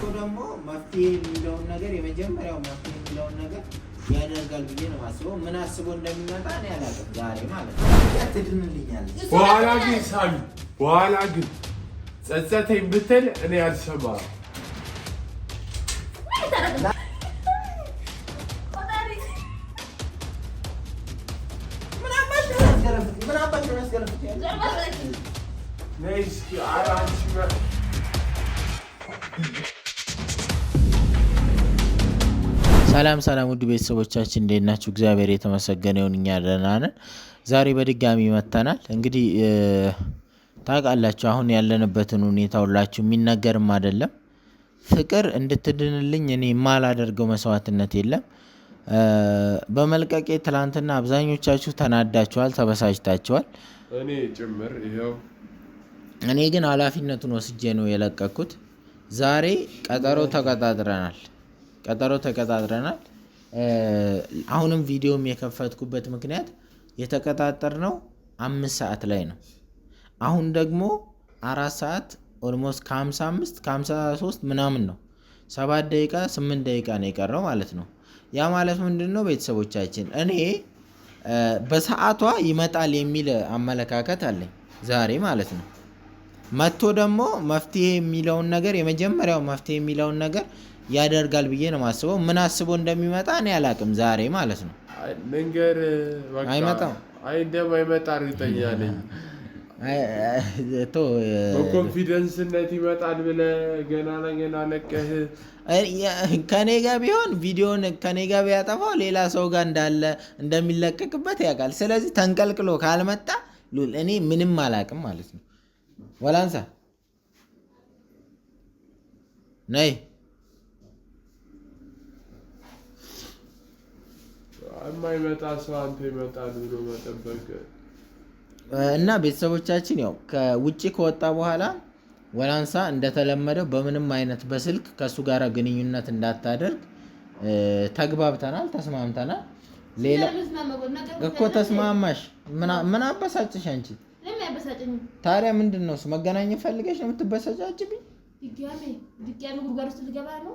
እኮ ደግሞ መፍትሄ የሚለውን ነገር የመጀመሪያው መፍትሄ የሚለውን ነገር ያደርጋል ብዬ ነው የማስበው። ምን አስቦ እንደሚመጣ እኔ አላውቅም። ዛሬ ማለት ነው ትድንልኛለች። በኋላ ግን ሳሚ፣ በኋላ ግን ጸጸተኝ ብትል እኔ አልሰማህም ሰላም ሰላም ውድ ቤተሰቦቻችን እንዴት ናችሁ? እግዚአብሔር የተመሰገነ ይሁን እኛ ደህና ነን። ዛሬ በድጋሚ መጥተናል። እንግዲህ ታውቃላችሁ አሁን ያለንበትን ሁኔታ ሁላችሁ የሚነገርም አይደለም። ፍቅር እንድትድንልኝ እኔ የማላደርገው መስዋዕትነት የለም። በመልቀቄ ትላንትና አብዛኞቻችሁ ተናዳችኋል፣ ተበሳጭታችኋል። እኔ ጭምር ይኸው። እኔ ግን ኃላፊነቱን ወስጄ ነው የለቀኩት። ዛሬ ቀጠሮ ተቀጣጥረናል። ቀጠሮ ተቀጣጥረናል። አሁንም ቪዲዮም የከፈትኩበት ምክንያት የተቀጣጠርነው አምስት ሰዓት ላይ ነው። አሁን ደግሞ አራት ሰዓት ኦልሞስት ከ55 ከ53 ምናምን ነው። ሰባት ደቂቃ ስምንት ደቂቃ ነው የቀረው ማለት ነው። ያ ማለት ምንድን ነው ቤተሰቦቻችን፣ እኔ በሰዓቷ ይመጣል የሚል አመለካከት አለኝ ዛሬ ማለት ነው። መጥቶ ደግሞ መፍትሄ የሚለውን ነገር የመጀመሪያው መፍትሄ የሚለውን ነገር ያደርጋል ብዬ ነው ማስበው። ምን አስቦ እንደሚመጣ እኔ አላቅም። ዛሬ ማለት ነው መንገር አይመጣም። አይ እንደማይመጣ እርግጠኛ ነኝ። በኮንፊደንስነት ይመጣል ብለህ ገና ለገና ለቀህ ከኔ ጋ ቢሆን ቪዲዮን ከኔ ጋ ቢያጠፋው ሌላ ሰው ጋር እንዳለ እንደሚለቀቅበት ያውቃል። ስለዚህ ተንቀልቅሎ ካልመጣ ሉል እኔ ምንም አላቅም ማለት ነው። ወላንሳ ነይ የማይመጣ ሰው አንተ ይመጣል ብሎ መጠበቅ እና ቤተሰቦቻችን ያው ከውጭ ከወጣ በኋላ ወላንሳ እንደተለመደው በምንም አይነት በስልክ ከእሱ ጋር ግንኙነት እንዳታደርግ ተግባብተናል፣ ተስማምተናል። ሌላ እኮ ተስማማሽ። ምን አበሳጭሽ አንቺ? ታዲያ ምንድን ነው መገናኘት ፈልገሽ ነው የምትበሳጫጭብኝ? ድጋሜ ድጋሜ ጉድጓድ ውስጥ ልገባ ነው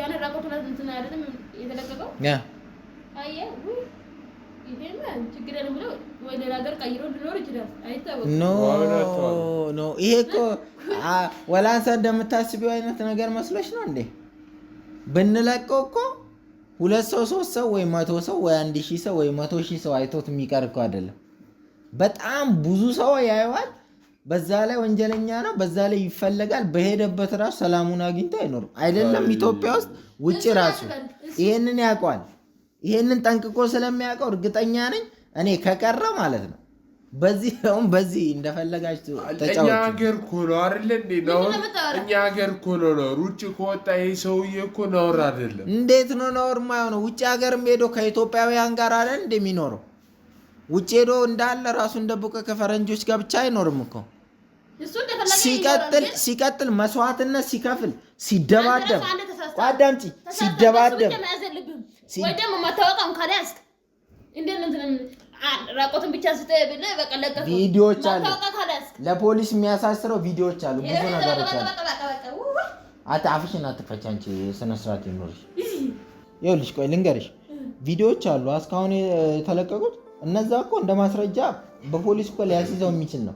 ያን ራቆት ይሄ እኮ ወላንሳ እንደምታስቢው አይነት ነገር መስሎች ነው እንዴ? ብንለቀው እኮ ሁለት ሰው ሶስት ሰው ወይ መቶ ሰው ወይ አንድ ሺህ ሰው ወይ መቶ ሺህ ሰው አይቶት የሚቀር እኮ አይደለም። በጣም ብዙ ሰው ያየዋል። በዛ ላይ ወንጀለኛ ነው፣ በዛ ላይ ይፈለጋል። በሄደበት ራሱ ሰላሙን አግኝቶ አይኖርም። አይደለም ኢትዮጵያ ውስጥ ውጭ ራሱ ይሄንን ያውቀዋል። ይሄንን ጠንቅቆ ስለሚያውቀው እርግጠኛ ነኝ እኔ ከቀረ ማለት ነው። በዚህ ሁም በዚህ እንደፈለጋችሁ እኛ ሀገር እኮ ነው አይደለ እንዴ? ነውር እኛ ሀገር እኮ ነው ነውር። ውጭ ከወጣ ይህ ሰውዬ እኮ ነውር አይደለም። እንዴት ነው ነውር የማይሆነው? ውጭ ሀገር ሄዶ ከኢትዮጵያውያን ጋር አይደል እንደሚኖረው ውጭ ሄዶ እንዳለ ራሱን ደብቆ ከፈረንጆች ጋር ብቻ አይኖርም እኮ። ሲቀጥል መስዋዕትነት ሲከፍል ሲደባደብ፣ አዳምጪ፣ ሲደባደብ ቪዲዮዎች አሉ። ለፖሊስ የሚያሳስረው ቪዲዮዎች አሉ፣ ብዙ ነገሮች አሉ። አፍሽን አትፈች አንቺ፣ ስነ ስርዓት ይኖርሽ። ይኸውልሽ፣ ቆይ ልንገርሽ፣ ቪዲዮዎች አሉ እስካሁን የተለቀቁት እነዛ እኮ እንደ ማስረጃ በፖሊስ እኮ ሊያስይዘው የሚችል ነው።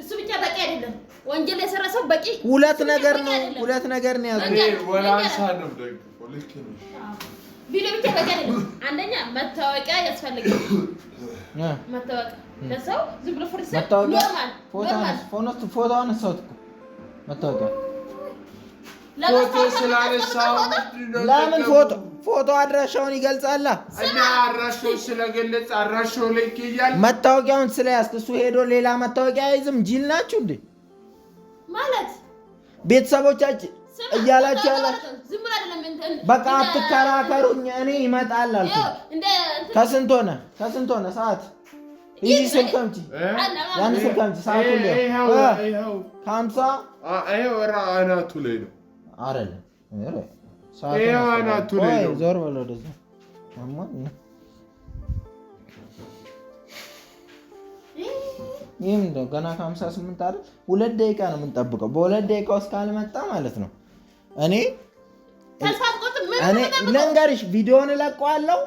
እሱ ብቻ በቂ አይደለም። ወንጀል የሰራ ሰው በቂ ሁለት ነገር ነው። ሁለት ነገር ነው ያዙ ቢሎ ብቻ በቂ አይደለም። አንደኛ መታወቂያ ያስፈልጋል። መታወቂያ ለሰው ዝም ብሎ ፎቶዋን ሰውት እኮ መታወቂያ ፎቶ ለምን ፎቶ ፎቶ አድራሻውን ይገልጻል እና አድራሻውን ስለገለጽ አድራሻው ልክ እያለ መታወቂያውን ስለያዝክ እሱ ሄዶ ሌላ መታወቂያ አይዝም። ጅል ናችሁ እንዴ ማለት ቤተሰቦቻችን እያላችሁ ያላችሁ በቃ አትከራከሩኝ። እኔ ይመጣል አልኩ። ከስንት ሆነ ከስንት ሆነ ሰዓት ይህ ስልክ አምጪ፣ ያን ስልክ አምጪ። ሰዓቱ ከሀምሳ አናቱ ላይ ነው ይህም ነው ገና ከ58 አይደል? ሁለት ደቂቃ ነው የምንጠብቀው። በሁለት ደቂቃ ውስጥ ካልመጣ ማለት ነው እኔ ልንገርሽ፣ ቪዲዮን እለቀዋለሁ።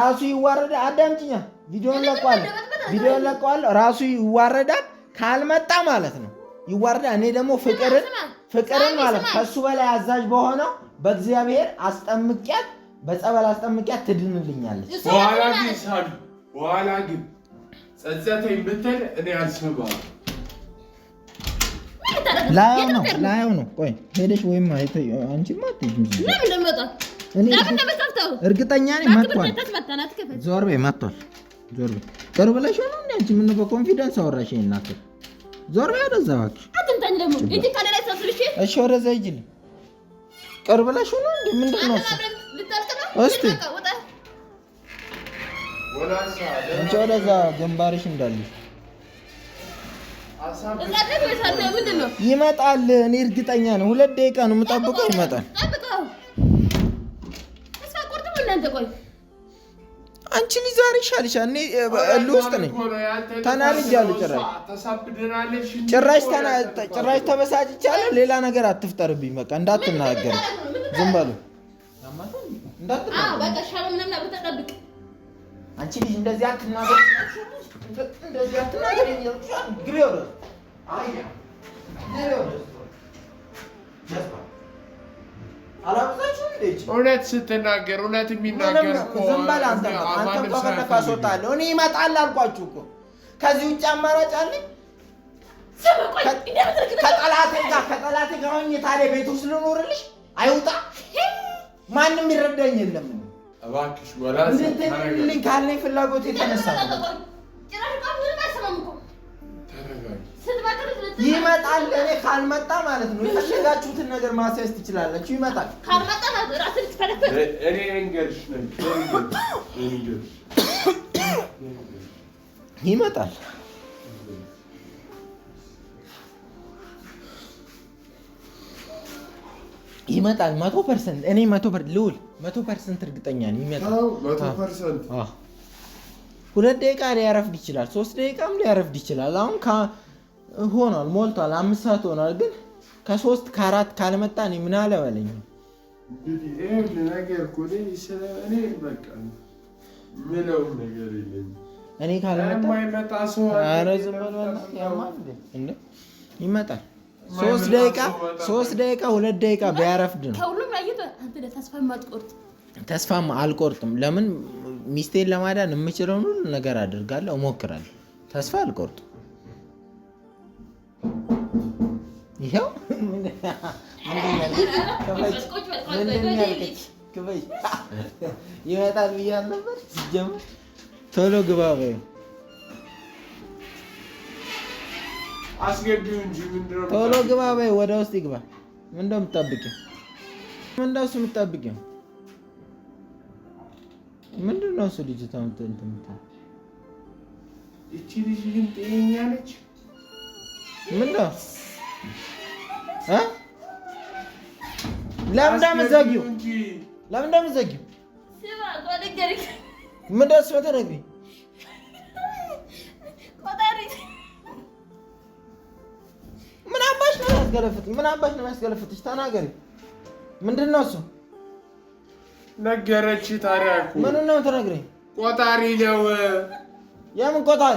ራሱ ይዋረዳል። አዳምጪኛ። ቪዲዮን እለቀዋለሁ። ቪዲዮን እለቀዋለሁ። ራሱ ይዋረዳል ካልመጣ ማለት ነው ይዋርዳ። እኔ ደግሞ ፍቅርን ፍቅርን ማለት ከሱ በላይ አዛዥ በሆነው በእግዚአብሔር አስጠምቂያት፣ በጸበል አስጠምቂያት ትድንልኛለች። በኋላ ግን ሳሉ በኋላ ግን ጸጸተኝ ብትል እኔ አልስባል ላየው ነው ላየው ነው። ቆይ ሄደሽ ወይም አንቺማ አትሄጂም። እርግጠኛ ነኝ መጥቷል። ዞር በይ መጥቷል። ዞር በይ ቅርብ ብለሽ ሆነ እንደ አንቺ ምን በኮንፊደንስ አወራሽ እናትህ ዞር ወደዛ እባክሽ። አትምታኝ ደግሞ እጅ ከሌላ ሰብስብሽ። እሺ ወደዛ ሂጂልኝ። ቅርብ ብለሽ ሆኖ ምንድን ነው ወደዛ ግንባርሽ እንዳለ ይመጣል። እኔ እርግጠኛ ነው። ሁለት ደቂቃ ነው የምጠብቀው፣ ይመጣል። አንቺ ልጅ ዛሬ ይሻልሻል። እኔ እል ውስጥ ነኝ። ተናድጃለሁ። ጭራሽ ጭራሽ ተበሳጭቻለሁ። ሌላ ነገር አትፍጠርብኝ። በቃ እንዳትናገር ዝም በሉ። አንቺ ልጅ እንደዚህ አትናገር፣ እንደዚህ አትናገር። እውነት ስትናገር እውነት የሚናገር እኮ ዝም በል አንተ። አንተም ከፈለክ አስወጣለሁ። እኔ ይመጣል አልኳችሁ እኮ። ከዚህ ውጭ አማራጭ አለ ከጠላቴ ጋር ከጠላቴ ጋር ሆኜ ታዲያ ቤት ውስጥ ልኖርልሽ? አይውጣ ማንም ይረዳኝ የለም። እባክሽ ወላሂ እንድትልኝ ካልነኝ ፍላጎት የተነሳ ተረጋጊ ይመጣል። እኔ ካልመጣ ማለት ነው የፈለጋችሁትን ነገር ማስያዝ ትችላላችሁ። ይመጣል። ካልመጣ ራስን ትፈለፈል። እኔ እንገርሽ ይመጣል። ይመጣል። መቶ ፐርሰንት እኔ መቶ ልውል መቶ ፐርሰንት እርግጠኛ ነኝ ይመጣል። ሁለት ደቂቃ ሊያረፍድ ይችላል። ሶስት ደቂቃም ሊያረፍድ ይችላል። አሁን ሆኗል፣ ሞልቷል። አምስት ሰዓት ሆኗል። ግን ከሶስት ከአራት ካልመጣ እኔ ምን አለበለኝ። እኔ ካልመጣ ይመጣል። ሶስት ደቂቃ ሶስት ደቂቃ ሁለት ደቂቃ ቢያረፍድ ነው። ተስፋም አልቆርጥም። ለምን ሚስቴን ለማዳን የምችለውን ሁሉ ነገር አድርጋለሁ፣ እሞክራለሁ። ተስፋ አልቆርጥም። ይኸው ይመጣል ብዬ አልነበር። ሲጀምር ቶሎ ግባ በይው፣ ቶሎ ግባ በይው፣ ወደ ውስጥ ይግባ። ምንደው የምትጠብቂው? ምንድነው እሱ የምትጠብቂው? ምንድነው እሱ ልጅ ግን ጤነኛ ለምን እንደምትዘጊው ምን አባሽ ነው የሚያስገለፍት? ምን አባሽ ነው የሚያስገለፍትሽ? ተናገሪ። ምንድን ነው እሱ? ነገረች። ታሪያ ምኑን ነው የምትነግረኝ? ቆጣሪ ነው። የምን ቆጣሪ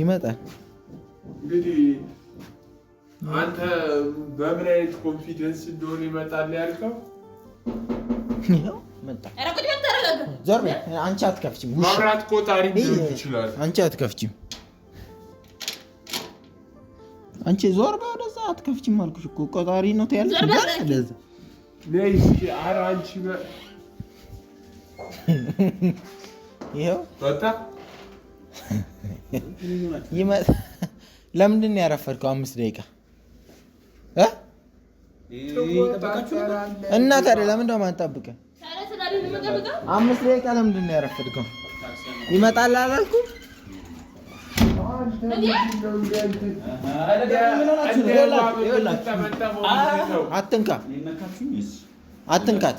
ይመጣል። እንግዲህ አንተ በምን አይነት ኮንፊደንስ እንደሆነ ይመጣል ያልከው አንቺ አትከፍቺም፣ መብራት ቆጣሪ ይችላል። አንቺ አትከፍቺም፣ አንቺ ዞር በይ ወደዛ። አትከፍቺም አልኩሽ እኮ ቆጣሪ ነው ትያለሽ። ለምንድን ነው ያረፈድከው? አምስት ደቂቃ እና ታዲያ ለምን ደሞ አንጠብቅም? አምስት ደቂቃ ለምንድን ነው ያረፈድከው? ይመጣል አላልኩም? አትንካ አትንካት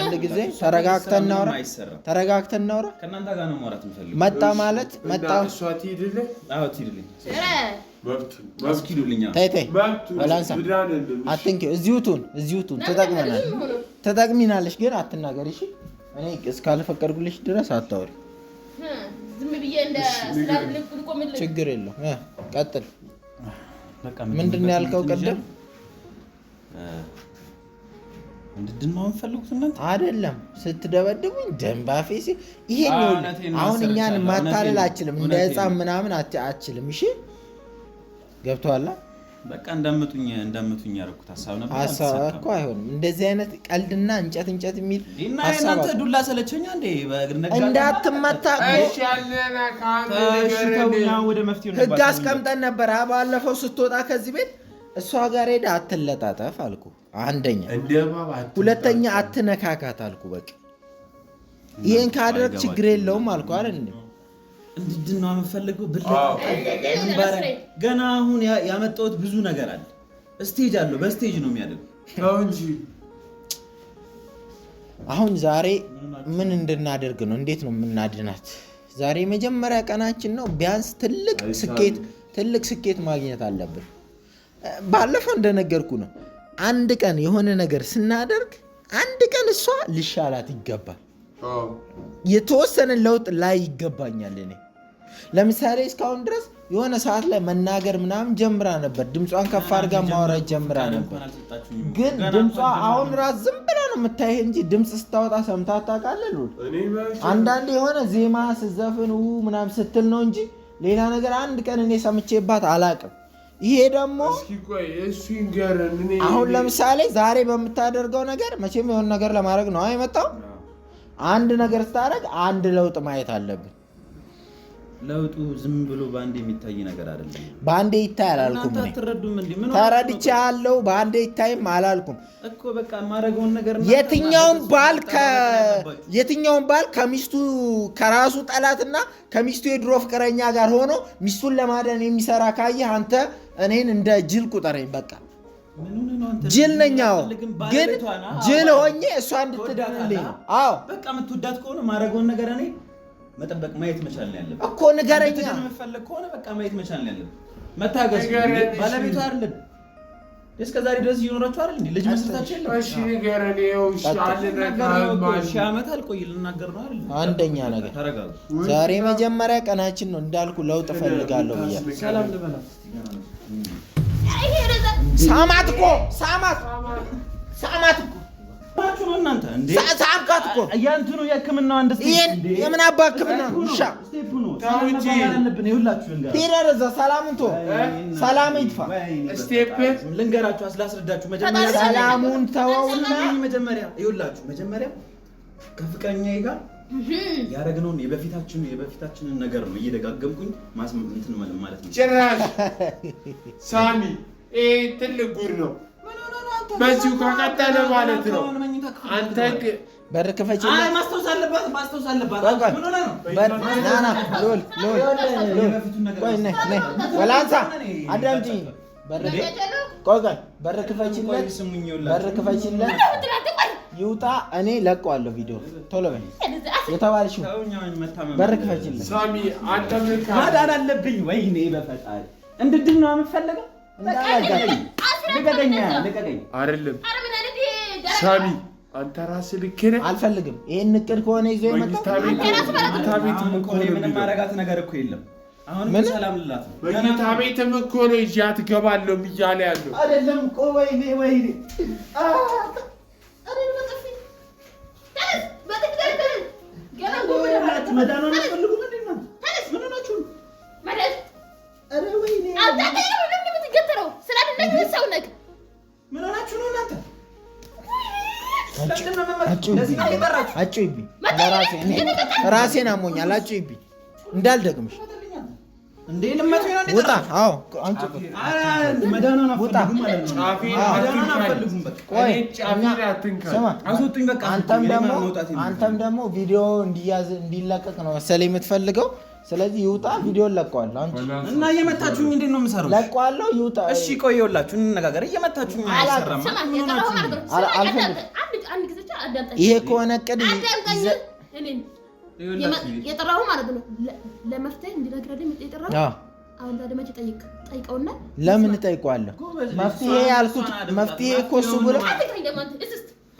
አንድ ጊዜ ተረጋግተን እናውራ። ተረጋግተን እናውራ። ከእናንተ ጋር ነው ማውራት የምፈልገው። መጣ ማለት መጣ። እዚሁቱን እዚሁቱን ትጠቅመናለሽ ትጠቅሚናለሽ፣ ግን አትናገሪ። እሺ እኔ እስካልፈቀድኩልሽ ድረስ አታውሪ። ችግር የለውም። ቀጥል። ምንድን ነው ያልከው ቅድም? ነው የምፈልጉት እናንተ አይደለም። ስትደበድቡኝ ደንባፌ ሲ ይሄ አሁን እኛን ማታለል አችልም። እንደ ሕፃን ምናምን አችልም። እሺ ገብቶሃል? በቃ እንደምጡኝ እንደምጡኝ ያደረኩት ሀሳብ ነበር። ሀሳብ እኮ አይሆንም። እንደዚህ አይነት ቀልድና እንጨት እንጨት የሚል እናንተ ዱላ ሰለቸኛ እንዴ እንዳትመታ ወደ መፍትሄ ህግ አስቀምጠን ነበር ባለፈው ስትወጣ ከዚህ ቤት እሷ ጋር ሄደ አትለጣጠፍ አልኩ። አንደኛ ሁለተኛ አትነካካት አልኩ። በቃ ይሄን ካደረግ ችግር የለውም አልኩ። አለ እንድድና የምፈልገው ገና አሁን ያመጣሁት ብዙ ነገር አለ። ስቴጅ አለው። በስቴጅ ነው የሚያደርገው አሁን ዛሬ ምን እንድናደርግ ነው? እንዴት ነው የምናድናት? ዛሬ የመጀመሪያ ቀናችን ነው። ቢያንስ ትልቅ ስኬት ትልቅ ስኬት ማግኘት አለብን። ባለፈው እንደነገርኩ ነው። አንድ ቀን የሆነ ነገር ስናደርግ አንድ ቀን እሷ ልሻላት ይገባል። የተወሰነ ለውጥ ላይ ይገባኛል። እኔ ለምሳሌ እስካሁን ድረስ የሆነ ሰዓት ላይ መናገር ምናምን ጀምራ ነበር። ድምጿን ከፍ አድርጋ ማውራት ጀምራ ነበር። ግን ድምጿ አሁን ራስ ዝም ብላ ነው የምታይህ እንጂ ድምፅ ስታወጣ ሰምታ ታውቃለህ? አንዳንድ የሆነ ዜማ ስዘፍን ምናምን ስትል ነው እንጂ ሌላ ነገር አንድ ቀን እኔ ሰምቼባት አላቅም። ይሄ ደግሞ አሁን ለምሳሌ ዛሬ በምታደርገው ነገር መቼም የሆነ ነገር ለማድረግ ነው የመጣው። አንድ ነገር ስታደርግ አንድ ለውጥ ማየት አለብን። ለውጡ ዝም ብሎ በአንዴ የሚታይ ነገር አይደለም። በአንዴ ይታይ አላልኩም፣ ተረድቼ አለው። በአንዴ ይታይም አላልኩም እኮ በቃ የማደርገውን ነገር የትኛውን ባል ከሚስቱ ከራሱ ጠላትና ከሚስቱ የድሮ ፍቅረኛ ጋር ሆኖ ሚስቱን ለማዳን የሚሰራ ካየህ አንተ እኔን እንደ ጅል ቁጠረኝ። በቃ ጅል ነኛው ግን ጅል ሆኜ እሷ እንድትድንልኝ ነው። አዎ በቃ የምትወዳት ከሆነ ማድረገውን ነገር እኔ መጠበቅ ማየት መቻል ነው ያለብህ እኮ ንገረኛ። የምትፈልግ ከሆነ በቃ ማየት መቻል ነው ያለብህ። መታገስ ባለቤቱ አይደለም እስከ ዛሬ ድረስ እየኖራችሁ አይደል እንዴ? ልጅ መስርታችሁ የለም። እሺ ንገረን። ዓመት አልቆይ ልናገር ነው አይደል? አንደኛ ነገር ተረጋጋ። ዛሬ መጀመሪያ ቀናችን ነው እንዳልኩ፣ ለውጥ እፈልጋለሁ ብያለሁ። ሰላም ልበላት። ሳማት እኮ ሳማት ሳማት እኮ ሳብካት እኮ እያንትኑ የህክምና አንድ የምን አባ ህክምና ውሻ ቴረር እዛ ሰላም ይጥፋ። ልንገራችሁ ሰላሙን ተወውና መጀመሪያ ይኸውላችሁ መጀመሪያ ከፍቅረኛዬ ጋር ያደረግነውን የበፊታችን የበፊታችንን ነገር ነው እየደጋገምኩኝ እንትን ማለት ነው። ጭራሽ ሳሚ ይሄ ትልቅ ጉድ ነው። በዚሁ ከቀጠለ ማለት ነው። አንተ በር ክፈች። ማስታወስ አለባት፣ ማስታወስ አለባት። ወላንሳ አዳምጪኝ። በር ክፈችለት፣ በር ክፈችለት፣ ይውጣ። እኔ ለቀዋለሁ ቪዲዮ። ቶሎ በል የተባልሽው በር ክፈችለት። ማዳን አለብኝ። ወይ ወይኔ በፈጣሪ እንድድን ነው የምትፈልገው አይደለም ሳሚ አንተ ራስህ ልክ ነህ። አልፈልግም። ይህን እቅድ ከሆነ ይዞ የመጣው መኝታ ነገር እኮ የለም። አሁን ሰላም ልላት ነው። መኝታ ቤትም እኮ ነው ይዣት እገባለሁ እያለ ያለው አይደለም እኮ። ወይኔ ወይኔ አጭይብኝ ራሴን አሞኛል። አጭይብኝ እንዳልደግምሽ እንዴ ውጣ! አዎ አንቺ መዳናን ማለት አንተም ደግሞ ቪዲዮ እንዲያዝ እንዲለቀቅ ነው መሰለኝ የምትፈልገው ስለዚህ ይውጣ። ቪዲዮን ለቀዋል እና እየመታችሁ ምንድን ነው የምሰራው? ለቀዋለሁ። ይውጣ። እሺ ቆይ ይኸውላችሁ እንነጋገር። እየመታችሁ ይሄ ከሆነ ቅድ የጠራው ማለት ነው ለመፍትሄ እንዲነግረልኝ የጠራው አሁን ታድመጭ ጠይቅ ጠይቀውና ለምን እጠይቀዋለሁ? መፍትሄ ያልኩት መፍትሄ እኮ እሱ ብሎ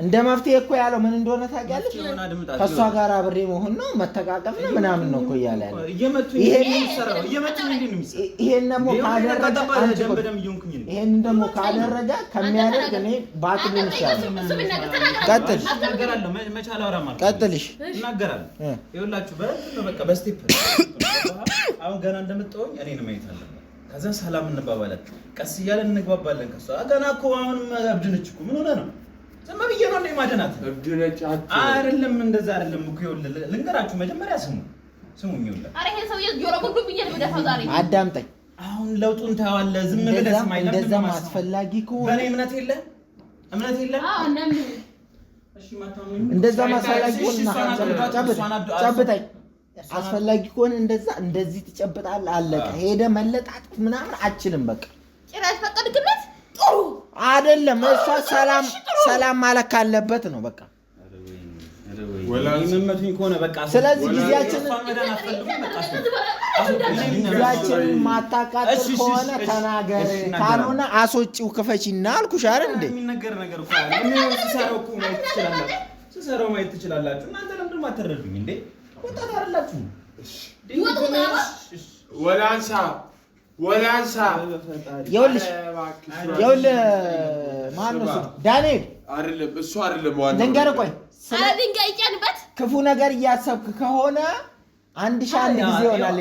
እንደ መፍትሄ እኮ ያለው ምን እንደሆነ ታውቂያለሽ? ከእሷ ጋር አብሬ መሆን ነው መተቃቀፍ ነው ምናምን ነው እኮ እያለ ያለ። ይሄን ደግሞ ካደረገ ከሚያደርግ እኔ ባትሉን ይሻላል። ቀጥልሽ ይኸውላችሁ፣ በቃ በስቴፕ አሁን ገና እንደምትሆኝ እኔን ማየት አለ ከዛ ሰላም እንባባለን፣ ቀስ እያለን እንግባባለን። ከእሷ ገና እኮ አሁን አብድነች እኮ ምን ሆነ ነው ዝም ብዬ ነው እንደ ማደናት እብድ አይደለም እንደዛ አይደለም እኮ ይኸውልህ፣ ልንገራችሁ መጀመሪያ ስሙ ስሙ ይኸውልህ፣ ኧረ ይሄ ሰውዬ ጆሮ ጉዱ ብዬ ነው የምደፋው ዛሬ። አዳምጠኝ አሁን ለውጡን ታዋለ። ዝም ብለህ ስማኝ። እንደዛ አስፈላጊ ከሆነ በእኔ እምነት የለ እምነት የለ። እንደዛ አስፈላጊ ከሆነ ጨብጠኝ። አስፈላጊ ከሆነ እንደዛ እንደዚህ ትጨብጣለህ። አለቀ። ሄደህ መለጣት ምናምን አችልም። በቃ ጭራሽ ፈቀድክለት አይደለም እሷ ሰላም ሰላም ማለት ካለበት ነው በቃ ስለዚህ ጊዜያችንን ማታቃጥል ከሆነ ተናገር፣ ካልሆነ አስወጪው ክፈቺና አልኩሽ። አረ እንዴ ስሰራው ማየት ትችላላችሁ። እናንተ ለምንድን እንዴ? ወጣት አይደላችሁ? ወላንሳ ወላንሳ ይኸውልሽ፣ ይኸውልህ ማነው እሱ? አይደለም፣ እሱ አይደለም። ክፉ ነገር እያሰብክ ከሆነ አንድ ሺህ አንድ ጊዜ ይሆናል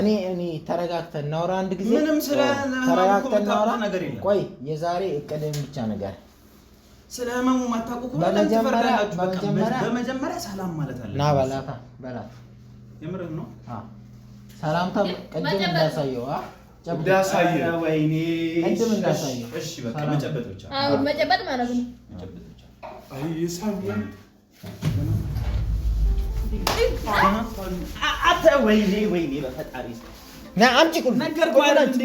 እኔ እኔ ተረጋግተን እናውራ አንድ ጊዜ፣ ተረጋግተን እናውራ። ቆይ የዛሬ ብቻ ነገር ስለ ህመሙ ማታውቁ ከሆነ በመጀመሪያ ሰላም ማለት አለ። ና በላት በላት። የምርህ ነው። ሰላምታ ቅድም እንዳሳየው ወይኔ እንዳሳየው። እሺ በቃ መጨበጥ ብቻ። መጨበጥ ማለት ነው። ወይኔ ወይኔ፣ በፈጣሪ ና አምጪ።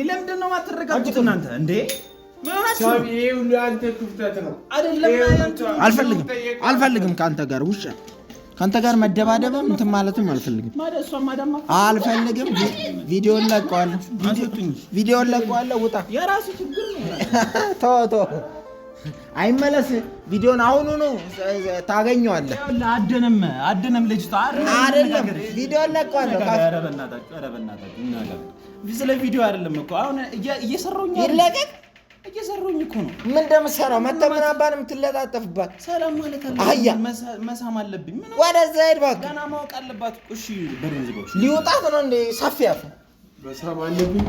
ለምንድን ነው የማትረጋጉት እናንተ እንዴ? አልፈልግም አልፈልግም ከአንተ ጋር ውሻ ከአንተ ጋር መደባደብም እንትን ማለትም አልፈልግም አልፈልግም። ቪዲዮን ለቀዋለሁ ቪዲዮን ለቀዋለሁ። ውጣ፣ ተው ተው፣ አይመለስ። ቪዲዮን አሁኑ ነው ታገኘዋለህ። አደንም አደንም ልጅ አይደለም። ቪዲዮን ለቀዋለሁ። ስለ ቪዲዮ አይደለም እኮ አሁን እየሰራሁኝ ይለቀቅ እየሰሩኝ እኮ ነው። ምን እንደምሰራ መተህ ምን አባ የምትለጣጠፍባት? ሰላም ማለት አለ አህያ መሳም አለብኝ። ምን ወደዛ ሄድ እባክህ፣ ገና ማወቅ አለባት። እሺ ሊውጣት ነው እንዴ? ሰፊ አፍ መሳም አለብኝ።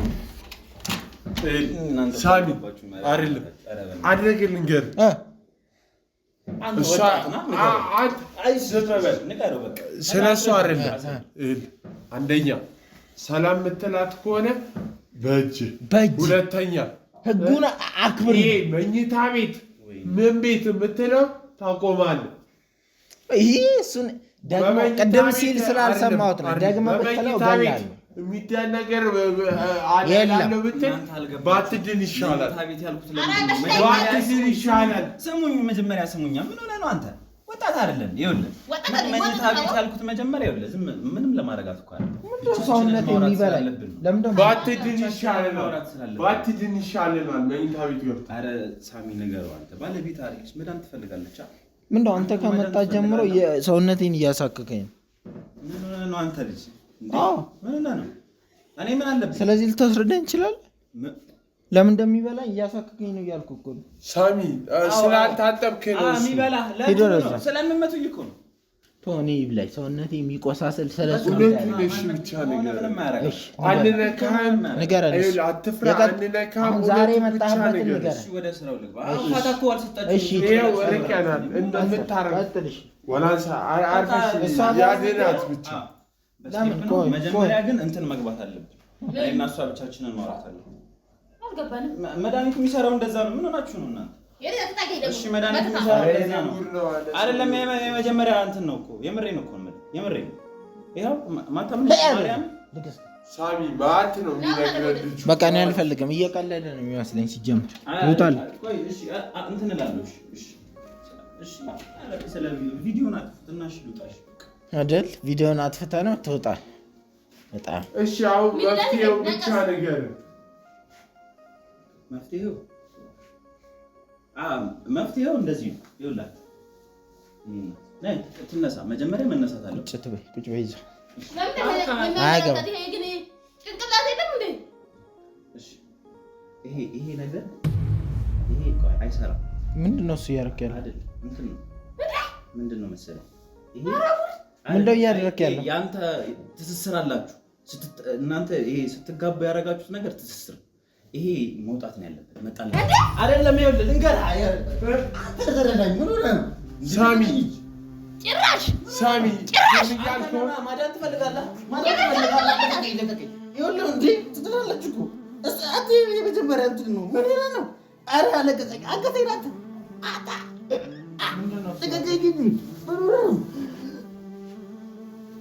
ሳሚ አይደለም አድረግ ልንገር ስለ እሱ አይደለም። አንደኛ ሰላም የምትላት ከሆነ በእጅ ሁለተኛ ህጉን አክብር። መኝታ ቤት ምን ቤት የምትለው ታቆማለህ። ይህ እሱን ደግሞ ቅድም ሲል ስላልሰማሁት ነው። ደግሞ ብትለው ገላለሁ የሚዳን ነገር አለ ብትል ባትድን ይሻላል። ባትድን ይሻላል። ስሙኝ፣ መጀመሪያ ስሙኛ። ምን ሆነህ ነው አንተ? ወጣት አይደለም። ይኸውልህ መኝታ ቤት ያልኩት መጀመሪያ ይኸውልህ ዝም ምንም ለማረጋት እኮ አይደለም። ባትድን ይወጣ። ሳሚ አንተ። ትፈልጋለች። ምንድነው አንተ ከመጣ ጀምሮ ሰውነቴን እያሳከከኝ ነው። አንተ ልጅ ምን ነው ምን አለብኝ? ስለዚህ ልታስረዳኝ ይችላል ለምን እንደሚበላ እያሳክከኝ ነው እያልኩ እኮ ነው። ሳሚ ስላልታጠብክ ነው ስለምመቱኝ እኮ ነው። እኔ ይብላኝ ሰውነቴ የሚቆሳሰል ስለሱ መጀመሪያ ግን እንትን መግባት አለብን እና እሷ ብቻችንን አለብን አልገባንም። መድኃኒቱ የሚሰራው እንደዛ ነው። ምን ሆናችሁ ነው እናንተ? እሺ መድኃኒቱ የሚሰራው እንደዛ ነው አይደለም? የመጀመሪያ እንትን ነው እኮ ነው እኮ ነው ይኸው ማታ ምን ማርያም ሳሚ ባት ነው የሚነግረን። በቃ እኔ አልፈልግም። እየቀለደ ነው የሚመስለኝ ሲጀምር ውጣል አይደል? ቪዲዮን አጥፍተህ ነው ትውጣ። በጣም እሺ። አሁን መፍትሄው ብቻ ንገረን። መፍትሄው መፍትሄው እንደዚህ ነው። ይኸውላት ትነሳ መጀመሪያ መነሳት አለ። ቁጭ ቁጭ በይ ይሄ ነገር ይሄ አይሰራም። ምንድን ነው እሱ እያደረክ ያለው? ምንድን ነው እያደረክ ያለው? የአንተ ትስስር አላችሁ እናንተ ይሄ ያደረጋችሁት ነገር ትስስር ይሄ መውጣት ነው ያለበት። መጣል አይደለም። ይኸውልህ ልንገርህ፣ ሳሚ ጭራሽ ሳሚ ጭራሽ ማዳን ትፈልጋለህ። ይኸውልህ እንደ ትላለች እኮ የመጀመሪያ እንትን ነው። ምን ሆነህ ነው? ኧረ አለቀሰኝ። አንገቴን አታ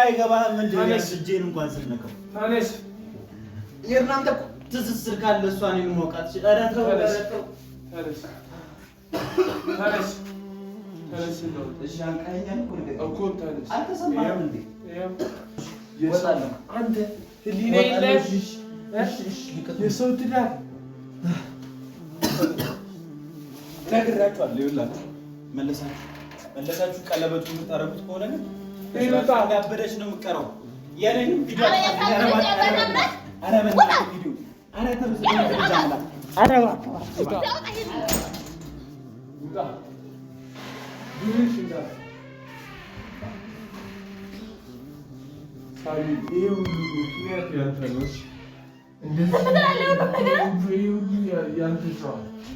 አይገባህም። እጄን እንኳን ስነካው የእናንተ ካለ እሷን የምወቃት አንተ የሰው ትዳር ነግራችኋል። ይኸውላችሁ መለሳችሁ መለሳችሁ ቀለበቱ የምታረጉት ከሆነ ግን ያበደች ነው የምትቀረው። ያለንም ቪዲዮ